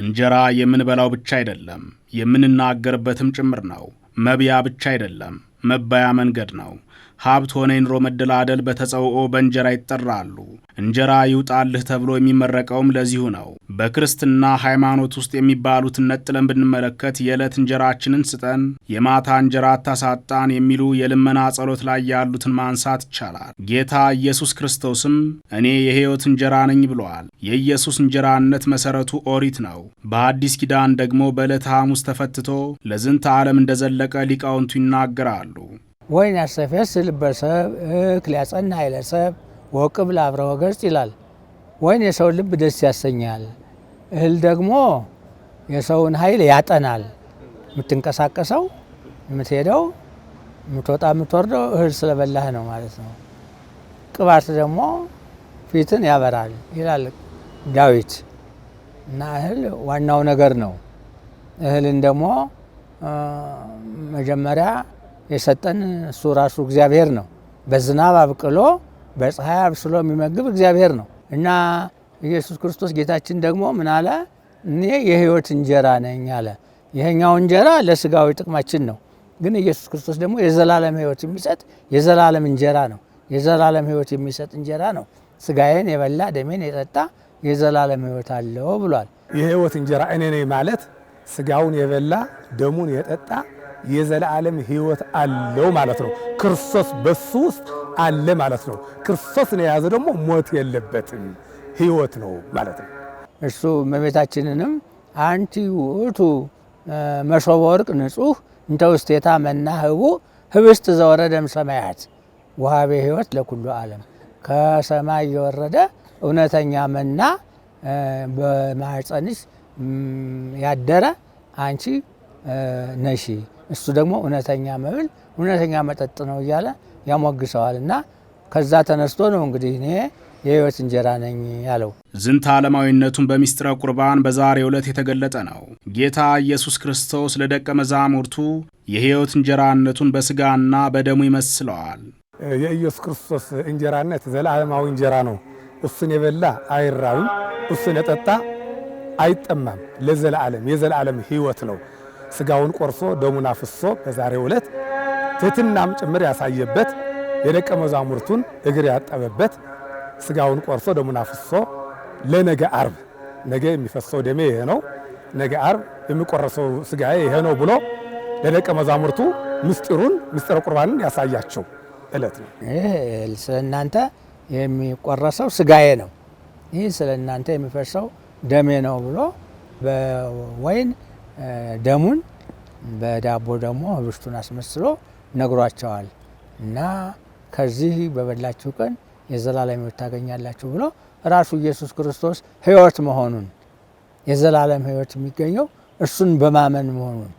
እንጀራ የምንበላው ብቻ አይደለም፣ የምንናገርበትም ጭምር ነው። መብያ ብቻ አይደለም፣ መባያ መንገድ ነው። ሀብት ሆነ የኑሮ መደላደል በተጸውኦ በእንጀራ ይጠራሉ። እንጀራ ይውጣልህ ተብሎ የሚመረቀውም ለዚሁ ነው። በክርስትና ሃይማኖት ውስጥ የሚባሉትን ነጥለን ብንመለከት የዕለት እንጀራችንን ስጠን፣ የማታ እንጀራ አታሳጣን የሚሉ የልመና ጸሎት ላይ ያሉትን ማንሳት ይቻላል። ጌታ ኢየሱስ ክርስቶስም እኔ የሕይወት እንጀራ ነኝ ብለዋል። የኢየሱስ እንጀራነት መሠረቱ ኦሪት ነው። በአዲስ ኪዳን ደግሞ በዕለተ ሐሙስ ተፈትቶ ለዝንተ ዓለም እንደዘለቀ ሊቃውንቱ ይናገራሉ። ወይን ያሰፌስ ልበሰብ እክል ያጸና አይለሰብ ወቅብ ለአብረ ወገጽ ይላል። ወይን የሰውን ልብ ደስ ያሰኛል። እህል ደግሞ የሰውን ኃይል ያጠናል። የምትንቀሳቀሰው የምትሄደው የምትወጣ የምትወርደው እህል ስለበላህ ነው ማለት ነው። ቅባት ደግሞ ፊትን ያበራል ይላል ዳዊት እና እህል ዋናው ነገር ነው። እህልን ደግሞ መጀመሪያ የሰጠን እሱ ራሱ እግዚአብሔር ነው። በዝናብ አብቅሎ በፀሐይ አብስሎ የሚመግብ እግዚአብሔር ነው እና ኢየሱስ ክርስቶስ ጌታችን ደግሞ ምን አለ? እኔ የህይወት እንጀራ ነኝ አለ። ይሄኛው እንጀራ ለስጋዊ ጥቅማችን ነው፣ ግን ኢየሱስ ክርስቶስ ደግሞ የዘላለም ህይወት የሚሰጥ የዘላለም እንጀራ ነው። የዘላለም ህይወት የሚሰጥ እንጀራ ነው። ስጋዬን የበላ ደሜን የጠጣ የዘላለም ህይወት አለው ብሏል። የህይወት እንጀራ እኔ ነኝ ማለት ስጋውን የበላ ደሙን የጠጣ የዘላለም ህይወት አለው ማለት ነው። ክርስቶስ በሱ ውስጥ አለ ማለት ነው። ክርስቶስን የያዘ ደግሞ ሞት የለበትም ህይወት ነው ማለት ነው። እርሱ እመቤታችንንም አንቲ ውእቱ መሶበ ወርቅ ንጹሕ እንተ ውስቴታ መና ህቡ ህብስት ዘወረደ እምሰማያት ወሀበ ሕይወት ለኩሉ ዓለም ከሰማይ የወረደ እውነተኛ መና በማኅፀንሽ ያደረ አንቺ ነሺ። እሱ ደግሞ እውነተኛ መብል እውነተኛ መጠጥ ነው እያለ ያሞግሰዋል እና ከዛ ተነስቶ ነው እንግዲህ እኔ የህይወት እንጀራ ነኝ ያለው። ዝንተ ዓለማዊነቱን በሚስጥረ ቁርባን በዛሬ ዕለት የተገለጠ ነው። ጌታ ኢየሱስ ክርስቶስ ለደቀ መዛሙርቱ የህይወት እንጀራነቱን በስጋና በደሙ ይመስለዋል። የኢየሱስ ክርስቶስ እንጀራነት ዘለዓለማዊ እንጀራ ነው። እሱን የበላ አይራብም፣ እሱን የጠጣ አይጠማም። ለዘለዓለም የዘለዓለም ህይወት ነው። ስጋውን ቆርሶ ደሙን አፍሶ በዛሬው ዕለት ትትናም ጭምር ያሳየበት የደቀ መዛሙርቱን እግር ያጠበበት ስጋውን ቆርሶ ደሙን አፍሶ ለነገ አርብ ነገ የሚፈሰው ደሜ ይሄ ነው፣ ነገ አርብ የሚቆረሰው ስጋዬ ይሄ ነው ብሎ ለደቀ መዛሙርቱ ምስጢሩን ምስጢረ ቁርባንን ያሳያቸው ዕለት ነው። ይህ ስለ እናንተ የሚቆረሰው ስጋዬ ነው፣ ይህ ስለ እናንተ የሚፈሰው ደሜ ነው ብሎ በወይን ደሙን በዳቦ ደግሞ ህብስቱን አስመስሎ ነግሯቸዋል እና ከዚህ በበላችሁ ቀን የዘላለም ህይወት ታገኛላችሁ ብሎ ራሱ ኢየሱስ ክርስቶስ ህይወት መሆኑን የዘላለም ህይወት የሚገኘው እርሱን በማመን መሆኑን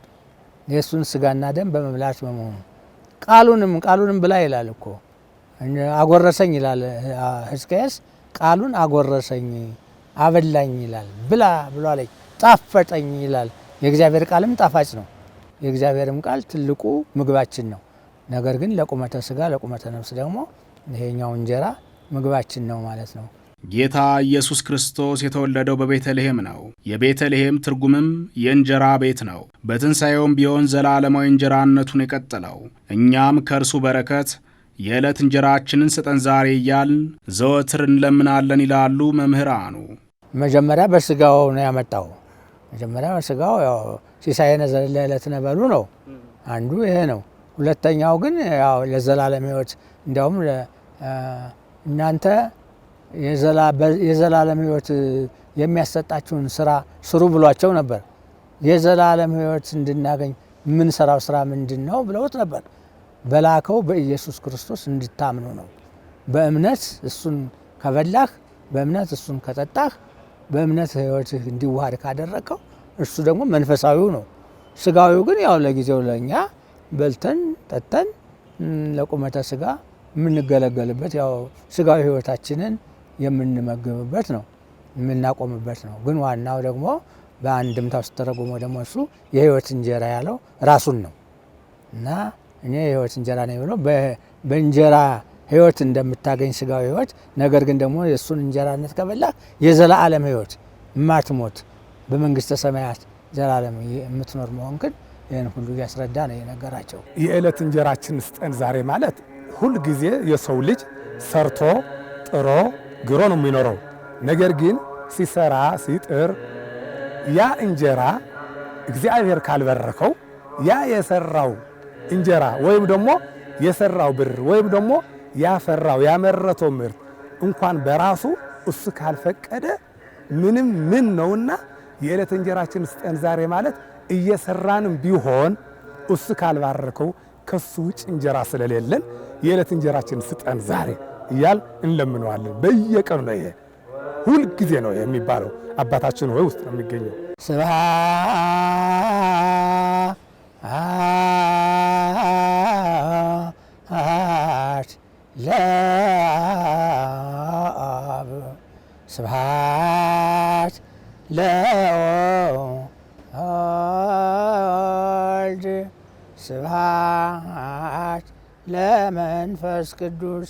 የእሱን ስጋና ደም በመብላት በመሆኑ ቃሉንም ቃሉንም ብላ ይላል እኮ አጎረሰኝ ይላል ህዝቅያስ ቃሉን አጎረሰኝ አበላኝ ይላል ብላ ብሎ ጣፈጠኝ ይላል የእግዚአብሔር ቃልም ጣፋጭ ነው። የእግዚአብሔርም ቃል ትልቁ ምግባችን ነው። ነገር ግን ለቁመተ ስጋ ለቁመተ ነፍስ ደግሞ ይሄኛው እንጀራ ምግባችን ነው ማለት ነው። ጌታ ኢየሱስ ክርስቶስ የተወለደው በቤተልሔም ነው። የቤተልሔም ትርጉምም የእንጀራ ቤት ነው። በትንሣኤውም ቢሆን ዘላለማዊ እንጀራነቱን የቀጠለው እኛም ከእርሱ በረከት የዕለት እንጀራችንን ስጠን ዛሬ እያልን ዘወትር እንለምናለን ይላሉ መምህራኑ። መጀመሪያ በስጋው ነው ያመጣው መጀመሪያ ስጋው ያው ሲሳይ ለዕለት ነበሉ ነው አንዱ ይሄ ነው። ሁለተኛው ግን ያው ለዘላለም ህይወት እንዲያውም እናንተ የዘላለም ህይወት የሚያሰጣችሁን ስራ ስሩ ብሏቸው ነበር። የዘላለም ህይወት እንድናገኝ የምንሰራው ስራ ምንድን ነው ብለውት ነበር። በላከው በኢየሱስ ክርስቶስ እንድታምኑ ነው። በእምነት እሱን ከበላህ፣ በእምነት እሱን ከጠጣህ በእምነት ህይወትህ እንዲዋሃድ ካደረግከው እሱ ደግሞ መንፈሳዊው ነው። ስጋዊው ግን ያው ለጊዜው ለእኛ በልተን ጠጥተን ለቁመተ ስጋ የምንገለገልበት ያው ስጋዊ ህይወታችንን የምንመገብበት ነው የምናቆምበት ነው። ግን ዋናው ደግሞ በአንድምታው ስተረጉሞ ደግሞ እሱ የህይወት እንጀራ ያለው ራሱን ነው እና እኔ የህይወት እንጀራ ነኝ ብሎ በእንጀራ ህይወት እንደምታገኝ ስጋዊ ህይወት፣ ነገር ግን ደግሞ የእሱን እንጀራነት ከበላ የዘላለም ህይወት ማትሞት በመንግስተ ሰማያት ዘላለም የምትኖር መሆን ግን ይህን ሁሉ እያስረዳ ነው የነገራቸው። የዕለት እንጀራችን ስጠን ዛሬ ማለት ሁል ጊዜ የሰው ልጅ ሰርቶ ጥሮ ግሮ ነው የሚኖረው። ነገር ግን ሲሰራ ሲጥር ያ እንጀራ እግዚአብሔር ካልበረከው ያ የሰራው እንጀራ ወይም ደግሞ የሰራው ብር ወይም ደግሞ ያፈራው ያመረተው ምርት እንኳን በራሱ እሱ ካልፈቀደ ምንም ምን ነውና የዕለት እንጀራችን ስጠን ዛሬ ማለት እየሰራንም ቢሆን እሱ ካልባረከው ከሱ ውጭ እንጀራ ስለሌለን የዕለት እንጀራችን ስጠን ዛሬ እያል እንለምነዋለን። በየቀኑ ነው ይሄ ሁልጊዜ ነው የሚባለው። አባታችን ሆይ ውስጥ ነው የሚገኘው ስብሃ ወወልድ ስብሐት ለመንፈስ ቅዱስ